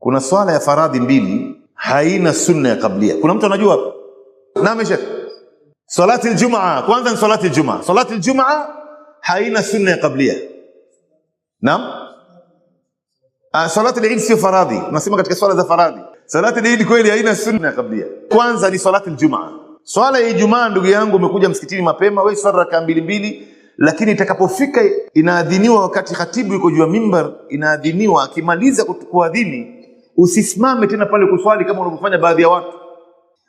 Kuna swala ya faradhi mbili haina sunna ya kablia. Kuna mtu anajua nami shekh, salati aljumaa kwanza ni salati aljumaa, salati aljumaa haina sunna ya kablia. Naam, ah, salati al-Eid sio faradhi, nasema katika swala za faradhi. Salati al-Eid kweli haina sunna ya kablia, kwanza ni salati aljumaa. Swala ya Ijumaa, ndugu yangu, umekuja msikitini mapema, wewe swala rakaa mbili mbili lakini itakapofika inaadhiniwa, wakati khatibu yuko juu ya mimbar, inaadhiniwa, akimaliza kuadhini Usisimame tena pale kuswali kama unavyofanya baadhi ya watu,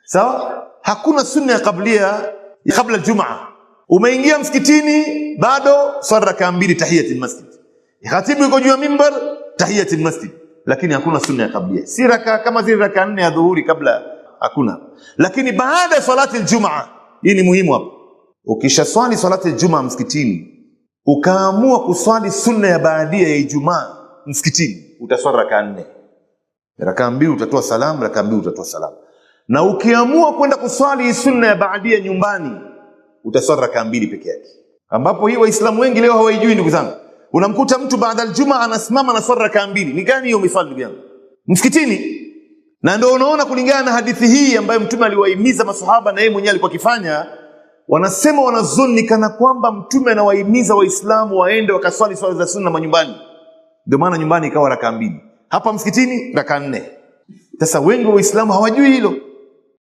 sawa? Hakuna sunna ya kablia ya kabla Jumaa. Umeingia msikitini bado swala rakaa mbili tahiyatul masjid, khatibu yuko juu ya mimbar tahiyatul masjid, lakini hakuna sunna ya kablia, si raka kama zile raka nne ya dhuhuri kabla, hakuna. Lakini baada ya salati Jumaa, hii ni muhimu hapa. Ukisha swali salati Jumaa msikitini ukaamua kuswali sunna ya baadia ya Ijumaa msikitini, utaswali rakaa nne. Rakaa mbili utatoa salamu, rakaa mbili utatoa salamu. Na ukiamua kwenda kuswali sunna ya baadia nyumbani, utaswali rakaa mbili peke yake, ambapo hii Waislamu wengi leo hawaijui. Ndugu zangu, unamkuta mtu baada aljuma anasimama anaswali rakaa mbili. Ni gani hiyo mifano, ndugu yangu, msikitini? Na ndio unaona kulingana na hadithi hii ambayo Mtume aliwahimiza masahaba na yeye mwenyewe alikuwa akifanya wanasema wanazoni kana kwamba mtume anawahimiza Waislamu waende wakaswali swala za sunna manyumbani. Ndio maana nyumbani ikawa rakaa mbili hapa msikitini raka nne. Sasa wengi wa Waislamu hawajui hilo.